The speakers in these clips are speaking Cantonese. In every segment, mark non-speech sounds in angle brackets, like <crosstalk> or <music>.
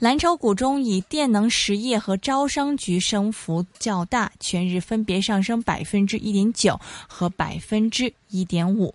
藍籌股中，以電能實業和招商局升幅較大，全日分別上升百分之一點九和百分之一點五。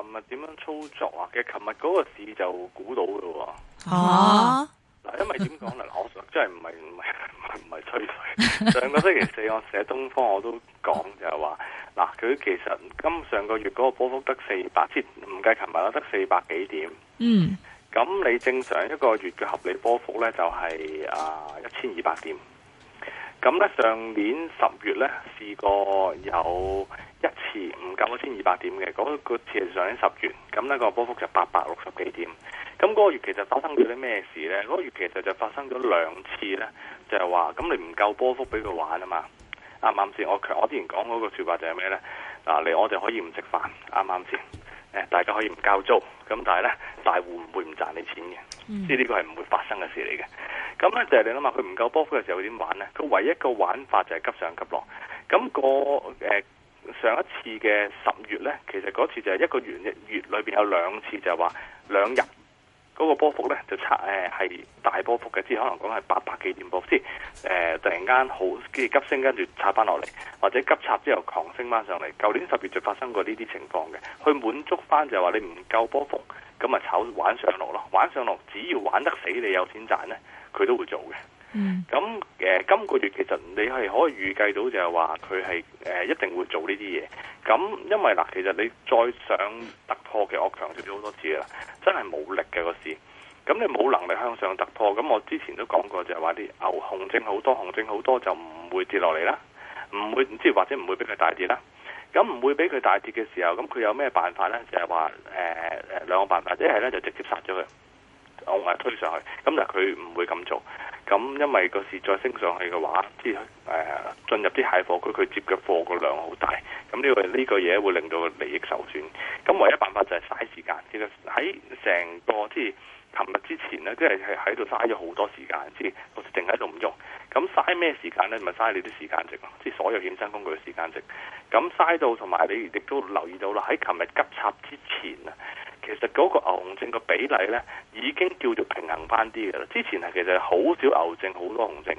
琴日點樣操作啊？其實琴日嗰個市就估到㗎喎。嗱、啊啊，因為點講咧， <laughs> 我實真係唔係唔係唔係吹水。 <laughs> 上個星期四我寫東方，我都講就係話，嗱、啊，佢其實今上個月嗰個波幅得四百，即唔計琴日啦，得四百幾點。嗯。咁你正常一個月嘅合理波幅咧，就係、是、啊一千二百點。咁咧，上年十月咧試過有一次唔夠一千二百點嘅，嗰、那個次上年十月。咁、那、呢個波幅就八百六十幾點。咁嗰個月其實發生咗啲咩事咧？嗰個月其實就發生咗、那個、兩次咧，就係話咁你唔夠波幅俾佢玩啊嘛？啱啱先？我我之前講嗰個説話就係咩咧？嗱，你我哋可以唔食飯，啱啱先？大家可以唔交租，咁但係咧，大戶唔會唔賺你錢嘅。知呢個係唔會發生嘅事嚟嘅，咁咧就係你諗下，佢唔夠波幅嘅時候會，佢點玩咧？佢唯一個玩法就係急上急落。咁、那個誒、呃、上一次嘅十月咧，其實嗰次就係一個月月裏邊有兩次就是，就係話兩日嗰個波幅咧就拆誒係大波幅嘅，即係可能講係八百幾點波即係誒突然間好嘅急升，跟住拆翻落嚟，或者急插之後狂升翻上嚟。舊年十月就發生過呢啲情況嘅，去滿足翻就係話你唔夠波幅。咁啊，炒玩上落咯，玩上落只要玩得死，你有錢賺呢，佢都會做嘅。嗯、mm.。咁、呃、誒，今個月其實你係可以預計到就係話佢係一定會做呢啲嘢。咁因為嗱，其實你再想突破嘅，我強調咗好多次啦，真係冇力嘅個市。咁你冇能力向上突破，咁我之前都講過就係話啲牛熊證好多熊證好多就唔會跌落嚟啦，唔會即係或者唔會俾佢大跌啦。咁唔會俾佢大跌嘅時候，咁佢有咩辦法呢？就係話、呃、呃、兩個辦法，一係呢就直接殺咗佢，推上去。咁但係佢唔會咁做。咁因為個市再升上去嘅話，啲、呃、誒進入啲蟹貨佢佢接嘅貨個量好大。咁呢個呢個嘢會令到利益受損。咁唯一辦法就係嘥時間。其實喺成個即係。琴日之前咧，即係係喺度嘥咗好多時間，即我哋停喺度唔用，咁嘥咩時間咧？咪嘥你啲時間值咯，即係所有衍生工具嘅時間值。咁嘥到同埋你亦都留意到啦，喺琴日急插之前啊，其實嗰個牛熊證嘅比例咧已經叫做平衡翻啲嘅啦。之前係其實好少牛證，好多熊證。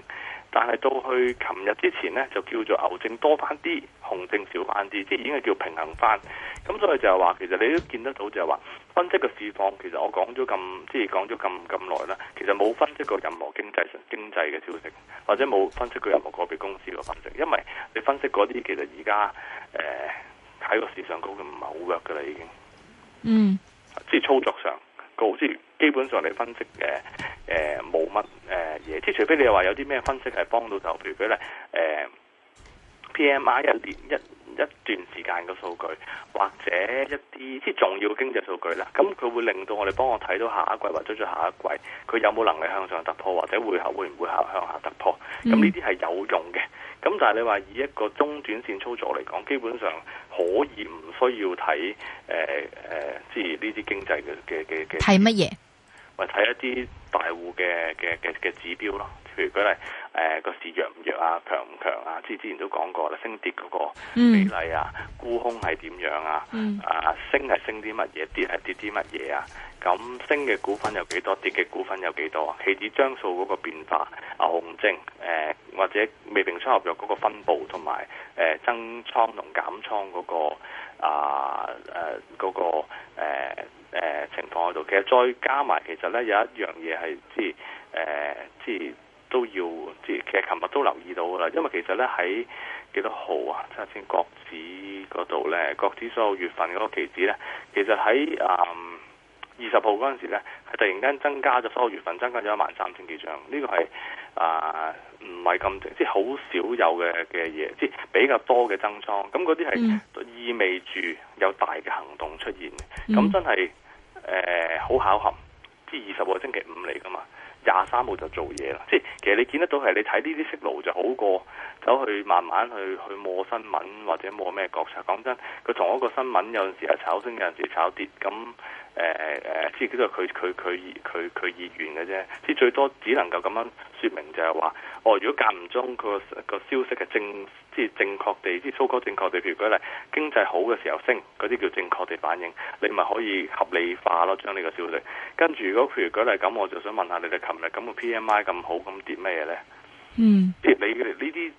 但係到去琴日之前呢，就叫做牛證多翻啲，熊證少翻啲，即係已經係叫平衡翻。咁所以就係話，其實你都見得到就係話，分析嘅市況其實我講咗咁，即係講咗咁咁耐啦。其實冇分析過任何經濟上經濟嘅消息，或者冇分析過任何個別公司嘅分析，因為你分析嗰啲其實而家誒喺個市上高嘅唔係好弱㗎啦已經。嗯，即係操作上。好，即基本上你分析嘅，誒、呃，冇乜誒嘢。即、呃、係除非你話有啲咩分析係幫到就，譬如佢咧誒。呃一年一一段時間嘅數據，或者一啲即係重要嘅經濟數據啦，咁佢會令到我哋幫我睇到下一季或者再下一季，佢有冇能力向上突破，或者會後會唔會向向下突破？咁呢啲係有用嘅。咁、嗯、但係你話以一個中短線操作嚟講，基本上可以唔需要睇誒誒，即係呢啲經濟嘅嘅嘅嘅。睇乜嘢？或睇一啲大戶嘅嘅嘅嘅指標咯，譬如舉例。誒、啊那個市弱唔弱啊？強唔強啊？即係之前都講過啦，升跌嗰個比例啊，沽、mm. 空係點樣啊？Mm. 啊升係升啲乜嘢？跌係跌啲乜嘢啊？咁升嘅股份有幾多？跌嘅股份有幾多啊？期指張數嗰個變化，牛熊證誒或者未平倉合約嗰個分佈，同埋誒增倉同減倉嗰、那個啊誒嗰個誒情況喺度。其實再加埋，其實咧有一樣嘢係即係誒即係。都要，即其實琴日都留意到啦，因為其實咧喺幾多號啊？即係先國指嗰度咧，國指所有月份嗰個期指咧，其實喺啊二十號嗰陣時咧，係突然間增加咗所有月份增加咗一萬三千幾張，呢、這個係啊唔係咁即係好少有嘅嘅嘢，即比較多嘅增倉，咁嗰啲係意味住有大嘅行動出現嘅，咁真係誒好巧合，即二十號係星期五嚟噶嘛。廿三號就做嘢啦，即係其實你見得到係你睇呢啲色路就好過走去慢慢去去摸新聞或者摸咩角色。講真，佢同一個新聞有陣時係炒升，有陣時，炒，有時炒跌。咁誒誒誒，即係叫做佢佢佢佢佢意願嘅啫。即、呃、係最多只能夠咁樣說明，就係話。哦，如果間唔中個個消息係正，即係正確地，即係粗粗正確地，譬如舉例經濟好嘅時候升，嗰啲叫正確地反應，你咪可以合理化咯，將呢個消息。跟住如果譬如舉例咁，我就想問,問下你哋，琴日咁個 P M I 咁好，咁跌咩嘢咧？嗯，跌你呢啲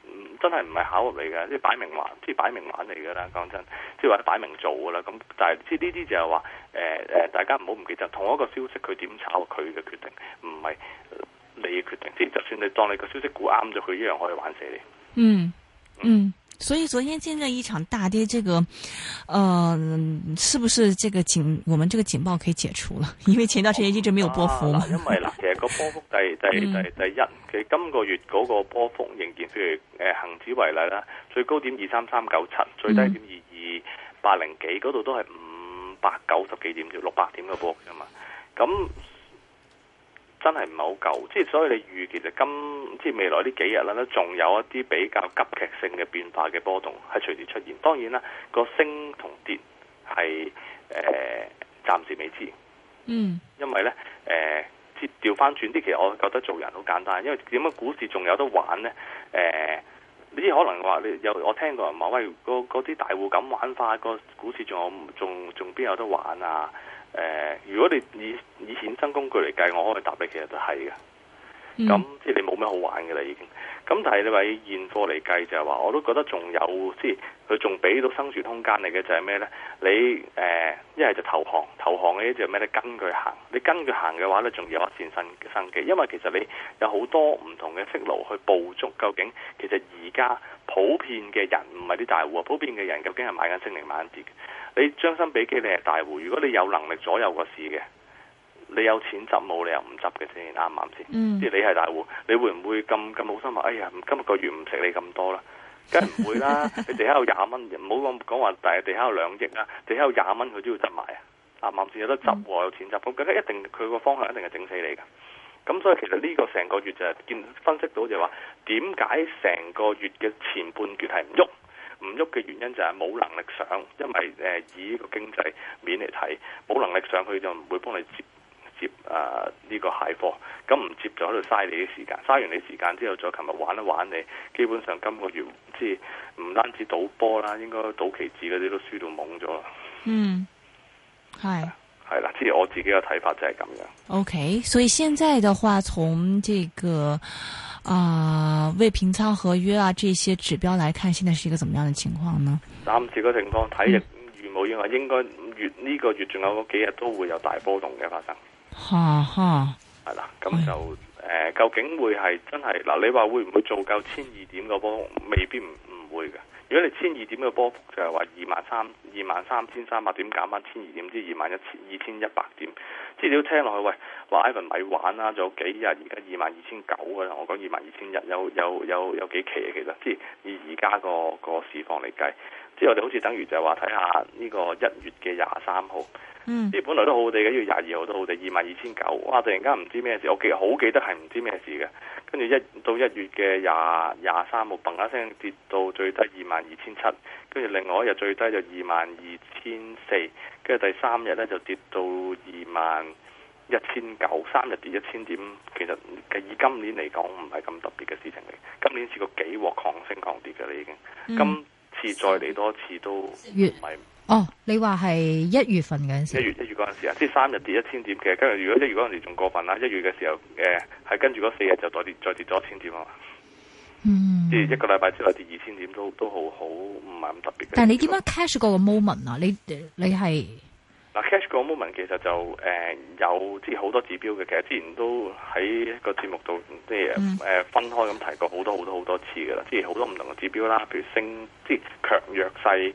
真係唔係巧合嚟㗎，即係擺明玩，即係擺明玩嚟㗎啦。講真，即係或者擺明做㗎啦。咁但係即係呢啲就係話，誒、呃、誒、呃，大家唔好唔記得，同一個消息佢點炒，佢嘅決,決定唔係。不是你決定，先就算你當你個消息估啱咗，佢一樣可以玩死你。嗯嗯，所以昨天今日一場大跌，這個，呃，是不是這個警，我們這個警報可以解除了？因為前段時間一直沒有波幅、嗯啊、嘛。因為嗱，其實個波幅第第第第一，佢今個月嗰個波幅仍然，譬如誒恒指為例啦，最高點二三三九七，最低點二二八零幾，嗰、嗯、度都係五百九十幾點啫，六百點嘅波啫嘛。咁真係唔係好夠，即係所以你預見就今即係未來呢幾日啦，都仲有一啲比較急劇性嘅變化嘅波動係隨時出現。當然啦，個升同跌係誒暫時未知。嗯，因為呢誒，即係調翻轉啲，其實我覺得做人好簡單，因為點解股市仲有得玩呢？誒、呃，呢啲可能話你有我聽過人話喂，嗰啲大戶咁玩法，個股市仲有，唔仲仲邊有得玩啊？誒、呃，如果你以以衍生工具嚟計，我可以答你，其實都係嘅。咁、嗯、即係你冇咩好玩嘅啦，已經。咁但係你話現貨嚟計就係話，我都覺得仲有，即係佢仲俾到生存空間嚟嘅，就係咩咧？你誒一係就投降，投降就呢隻咩咧？跟佢行，你跟佢行嘅話咧，仲有一線生生機。因為其實你有好多唔同嘅出路去捕捉，究竟其實而家。普遍嘅人唔係啲大戶啊，普遍嘅人究竟係買緊升定買緊跌？你將心比己，你係大戶，如果你有能力左右個市嘅，你有錢執冇、嗯、你又唔執嘅先啱唔啱先？即係你係大戶，你會唔會咁咁好心話？哎呀，今日個月唔食你咁多啦，梗係唔會啦。你地下有廿蚊，唔好咁講話，地下有兩億啦，地下有廿蚊佢都要執埋啊！啱唔啱先？有得執、嗯、有錢執，我覺得一定佢個方向一定係整死你噶。咁所以其實呢個成個月就係見分析到就話點解成個月嘅前半段係唔喐唔喐嘅原因就係冇能力上，因為誒以呢個經濟面嚟睇冇能力上去就唔會幫你接接啊呢個蟹貨，咁唔接咗喺度嘥你啲時間，嘥完你時間之後再琴日玩一玩你，基本上今個月即係唔單止賭波啦，應該賭期指嗰啲都輸到懵咗啦。嗯，係。係啦，即係我自己嘅睇法就係咁樣。O、okay, K，所以現在的話，從這個啊未、呃、平倉合約啊，這些指標來看，現在是一個怎麼樣的情況呢？暫時嘅情況睇，如冇意外啊，應該五月呢、這個月仲有幾日都會有大波動嘅發生。吓吓，係啦，咁就誒、哎呃，究竟會係真係嗱？你話會唔會做夠千二點個波？未必唔。如果你千二點嘅波幅就係話二萬三二萬三千三百點減翻千二點之二萬一千二千一百點，即係你都聽落去，喂，話 Ivan 咪玩啦？仲有幾日而家二萬二千九嘅啦，現在我講二萬二千一，有有有有幾期啊？其實即係以而家個個市況嚟計。即係我哋好似等於就係話睇下呢個一月嘅廿三號，呢、嗯、本來都好地嘅，月廿二號都好地，二萬二千九，哇！突然間唔知咩事，我記好記得係唔知咩事嘅，跟住一到月 20, 一月嘅廿廿三號，嘭一聲跌到最低二萬二千七，跟住另外一日最低就二萬二千四，跟住第三日咧就跌到二萬一千九，三日跌一千點，其實以今年嚟講唔係咁特別嘅事情嚟，今年試過幾鑊抗升抗跌嘅，你已經、嗯次再嚟多次都唔係哦，你話係一月份嗰陣時，一月一月嗰陣時啊，即係三日跌一千點嘅。跟住如果一月嗰陣時仲過分啦，一月嘅時候誒係跟住嗰四日就再跌再跌咗一千點啊嘛。嗯，即係一個禮拜之後跌二千點都都好好，唔係咁特別嘅。但係你點樣 cash 過個 moment 啊？你你係？啊、cash 個 moment 其實就誒、呃、有即係好多指標嘅，其實之前都喺個節目度即係誒分開咁提過好多好多好多次噶啦，即係好多唔同嘅指標啦，譬如升即係強弱勢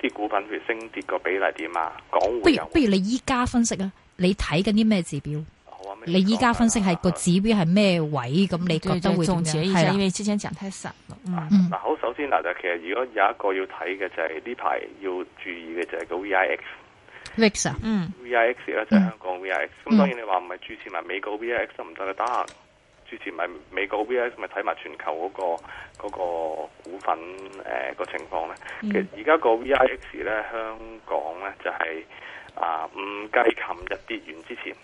啲股份，譬如升跌個比例點啊，港匯。不如不如你依家分析啊，你睇緊啲咩指標？好啊，你依家分析係、啊個指標係咩位？咁你覺得會點啊？係因為之前量太神嗱，好，首先嗱，就、啊、其實如果有一個要睇嘅就係呢排要注意嘅就係個 VIX。VIX，嗯 VIX，VIX，嗯，VIX 咧就係香港 VIX，咁當然你話唔係支持埋美國 VIX 都唔得嘅，支持埋美國 VIX 咪睇埋全球嗰、那個股份誒個、呃、情況咧。其實而、嗯、家個 VIX 咧香港咧就係、是、啊，唔計琴日跌完之前，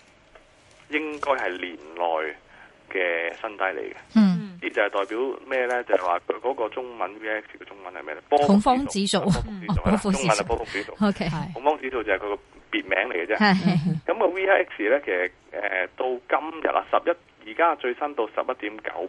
應該係年內，嘅身低嚟嘅，呢、嗯、就係代表咩咧？就係話佢嗰個中文 VX 嘅中文係咩咧？恐慌指數，恐慌指數，恐、啊、慌指數、啊啊、，OK，恐、啊、慌指數就係佢個別名嚟嘅啫。咁 <laughs> 個 VX 咧，其實誒、呃、到今日啦，十一而家最新到十一點九五，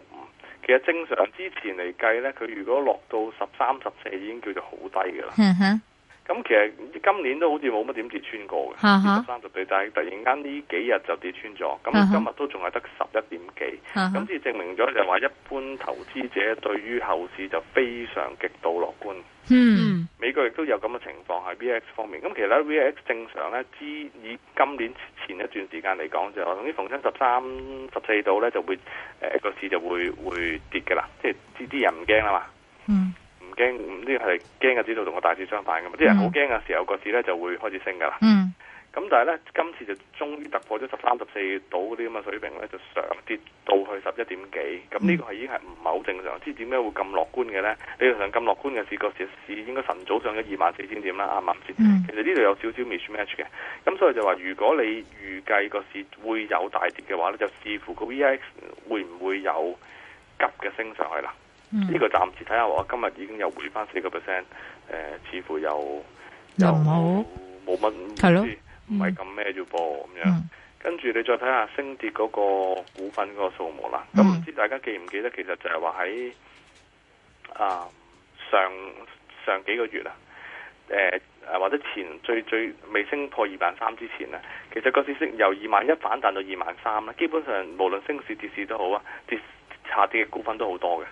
其實正常之前嚟計咧，佢如果落到十三十四，已經叫做好低㗎啦。嗯哼。咁其實今年都好似冇乜點跌穿過嘅，跌三十對底，但係突然間呢幾日就跌穿咗，咁、uh -huh. 今日都仲係得十一點幾，咁、uh、至 -huh. 證明咗就話一般投資者對於後市就非常極度樂觀。嗯、hmm.，美國亦都有咁嘅情況喺 VX 方面。咁其實呢 VX 正常咧，之以今年前一段時間嚟講就話，同啲逢親十三十四度咧就會誒個、呃、市就會會跌嘅啦，即係啲啲人唔驚啊嘛。嗯、hmm.。驚，呢個係驚嘅指數同個大市相反嘅嘛？啲人好驚嘅時候，mm. 個市咧就會開始升噶啦。嗯。咁但係咧，今次就終於突破咗十三十四度嗰啲咁嘅水平咧，就上跌到去十一點幾。咁、mm. 呢個係已經係唔係好正常？知點解會咁樂觀嘅咧？理論上咁樂觀嘅事，個市市應該晨早上咗二萬四千點啦，啱唔啱先？Mm. 其實呢度有少少 mismatch 嘅。咁所以就話，如果你預計個市會有大跌嘅話咧，就視乎個 VIX 會唔會有急嘅升上去啦。呢、嗯這個暫時睇下，我今日已經又回翻四個 percent，誒，似乎又又冇冇乜意思，唔係咁咩要播咁樣。嗯、跟住你再睇下升跌嗰個股份個數目啦。咁、嗯、唔知大家記唔記得，其實就係話喺啊上上幾個月啊，誒、呃、誒或者前最最未升破二萬三之前啊，其實個市升由二萬一反彈到二萬三啦。基本上無論升市跌市都好啊，跌下跌嘅股份都好多嘅。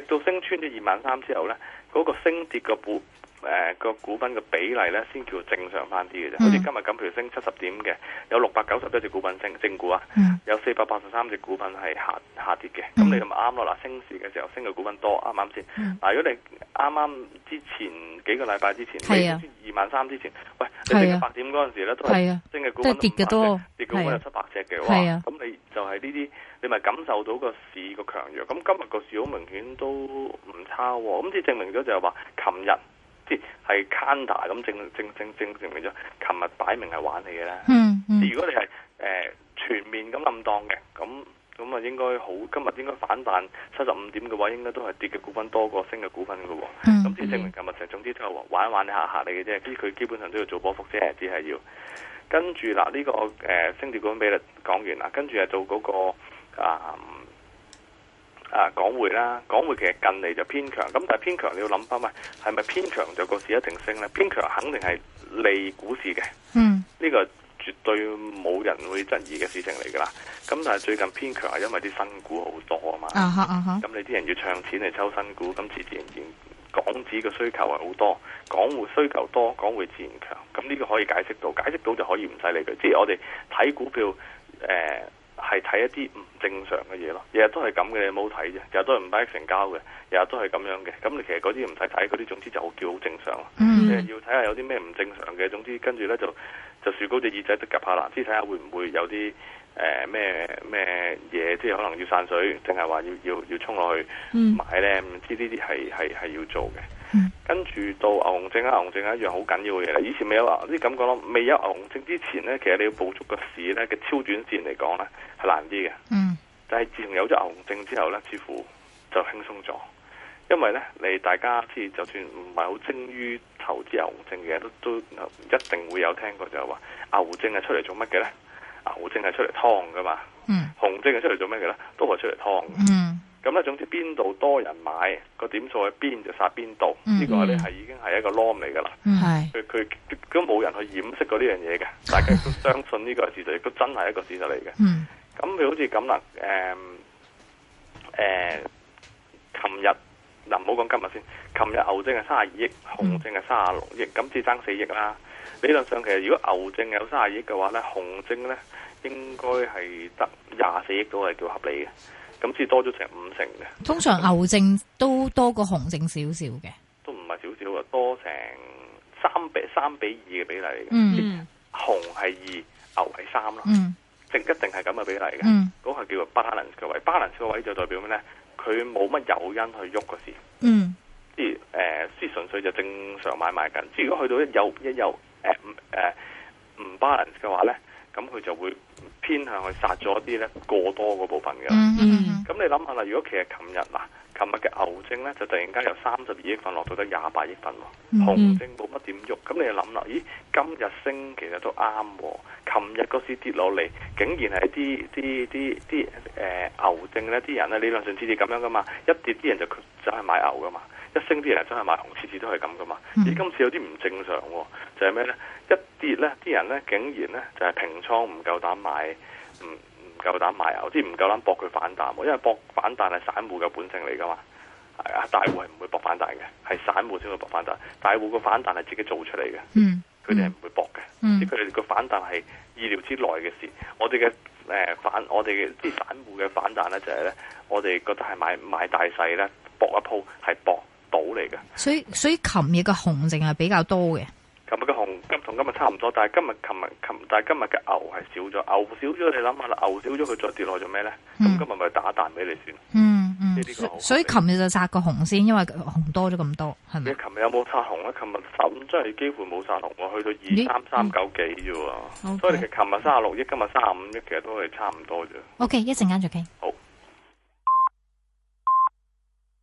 直到升穿咗二萬三之後，咧，嗰個升跌個股。誒、呃，個股份嘅比例咧，先叫正常翻啲嘅啫。好、嗯、似今日咁，譬如升七十點嘅，有六百九十一隻股份升，正股啊，嗯、有四百八十三隻股份係下下跌嘅。咁、嗯、你咁咪啱咯？嗱，升市嘅時候升嘅股份多，啱啱先？嗱、嗯啊，如果你啱啱之前幾個禮拜之前，之前啊、未二萬三之前，喂，你跌八點嗰陣時咧、啊，都係、啊、升嘅股份多嘅，跌嘅多跌嘅有七百隻嘅。哇、啊，咁、啊、你就係呢啲，你咪感受到個市個強弱。咁今日個市好明顯都唔差、哦，咁即係證明咗就係話，琴日。即係 counter 咁正正正正證明咗，琴日擺明係玩你嘅啦。嗯，如、嗯、果你係誒、呃、全面咁冧檔嘅，咁咁啊應該好，今日應該反彈七十五點嘅話，應該都係跌嘅股份多過升嘅股份嘅喎、哦。嗯，咁先證明琴日成總之都係玩玩下下你嘅啫。即佢基本上都要做波幅啫，只係要跟住嗱呢個誒升跌股份比率講完啦，跟住係做嗰、那個啊。啊，港匯啦，港匯其實近嚟就偏強，咁但係偏強你要諗翻，喂，係咪偏強就個市一定升咧？偏強肯定係利股市嘅，嗯，呢、這個絕對冇人會質疑嘅事情嚟噶啦。咁但係最近偏強係因為啲新股好多啊嘛，啊咁、啊、你啲人要唱錢嚟抽新股，咁自然然港紙嘅需求係好多，港匯需求多，港匯自然強。咁呢個可以解釋到，解釋到就可以唔使理佢。即係我哋睇股票，誒、呃。係睇一啲唔正常嘅嘢咯，日日都係咁嘅冇睇嘅，日日都係唔買成交嘅，日日都係咁樣嘅。咁你其實嗰啲唔使睇，嗰啲總之就叫好正常咯。嗯、mm -hmm.，要睇下有啲咩唔正常嘅，總之跟住咧就就豎高隻耳仔，都夾下啦，知睇下會唔會有啲誒咩咩嘢，即係可能要散水，定係話要要要衝落去買咧？唔知呢啲係係係要做嘅。嗯、跟住到牛熊證啊，牛熊證係一樣好緊要嘅嘢。以前未有啲咁講咯，未有牛熊證之前呢，其實你要捕捉個市呢嘅超短線嚟講呢，係難啲嘅。嗯，但係自從有咗牛熊證之後呢，似乎就輕鬆咗。因為呢，你大家知就算唔係好精於投資牛熊證嘅，都都一定會有聽過就係話牛證係出嚟做乜嘅呢？牛證係出嚟劏㗎嘛？嗯，熊證係出嚟做乜嘅呢？都係出嚟劏。嗯咁咧，總之邊度多人買點數，嗯嗯，個點數喺邊就殺邊度，呢個咧係已經係一個 norm 嚟噶啦。佢、嗯、佢都冇人去掩飾過呢樣嘢嘅，嗯、大家都相信呢個係事實，亦都真係一個事實嚟嘅。咁、嗯、佢好似咁啦，誒、嗯、誒，琴、嗯、日嗱唔好講今日先，琴日牛證係卅二億，熊證係卅六億，咁至爭四億啦。理論上，其實如果牛證有卅二億嘅話咧，熊證咧應該係得廿四億都係叫合理嘅。咁先多咗成五成嘅，通常牛證都多過熊證少少嘅，都唔係少少嘅，多成三比三比二嘅比例，嘅、嗯嗯。嗯，熊係二，牛係三咯，嗯，即一定係咁嘅比例嘅，嗯，嗰個叫做 balance 嘅位，balance 嘅位就代表咩咧？佢冇乜誘因去喐個市，嗯，即係誒，即、呃、純粹就正常買賣緊，即係如果去到一有，一有誒，誒、呃、唔、呃呃呃、balance 嘅話咧，咁佢就會。偏向去殺咗啲咧過多嗰部分嘅，咁、mm -hmm. 你諗下啦，如果其實琴日嗱，琴日嘅牛證咧就突然間由三十二億份落到得廿八億份喎，熊證冇乜點喐。咁你又諗啦，咦，今日升其實都啱喎，琴日嗰時跌落嚟，竟然係啲啲啲啲誒牛證咧，啲人咧理論上似似咁樣噶嘛，一跌啲人就走去買牛噶嘛。一升啲人真係買紅，次次都係咁噶嘛？咦、嗯，今次有啲唔正常、哦，就係、係、咩呢？一跌呢，啲人呢，竟然呢，就係平倉，唔夠膽買，唔唔夠膽買啊！即係唔夠膽搏佢反彈，因為搏反彈係散戶嘅本性嚟噶嘛。係啊，大戶係唔會搏反彈嘅，係散戶先會搏反彈。大戶嘅反彈係自己做出嚟嘅。佢哋係唔會搏嘅。即係佢哋個反彈係意料之內嘅事。我哋嘅誒反，我哋啲散戶嘅反彈呢，就係呢，我哋覺得係買買大細呢，搏一鋪係搏。島嚟嘅，所以所以琴日嘅熊淨係比較多嘅。琴日嘅熊今同今日差唔多，但係今日琴日琴但係今日嘅牛係少咗，牛少咗你諗下啦，牛少咗佢再跌落嚟做咩咧？咁、嗯、今日咪打彈俾你先。嗯嗯。所以琴日就殺個熊先紅，因為熊多咗咁多，係咪？琴日有冇殺熊咧？琴日十五張係幾乎冇殺熊，我去到二三三九幾啫。Okay. 所以你琴日三十六億，今日三十五億，其實都係差唔多啫。O K，一陣間再傾好。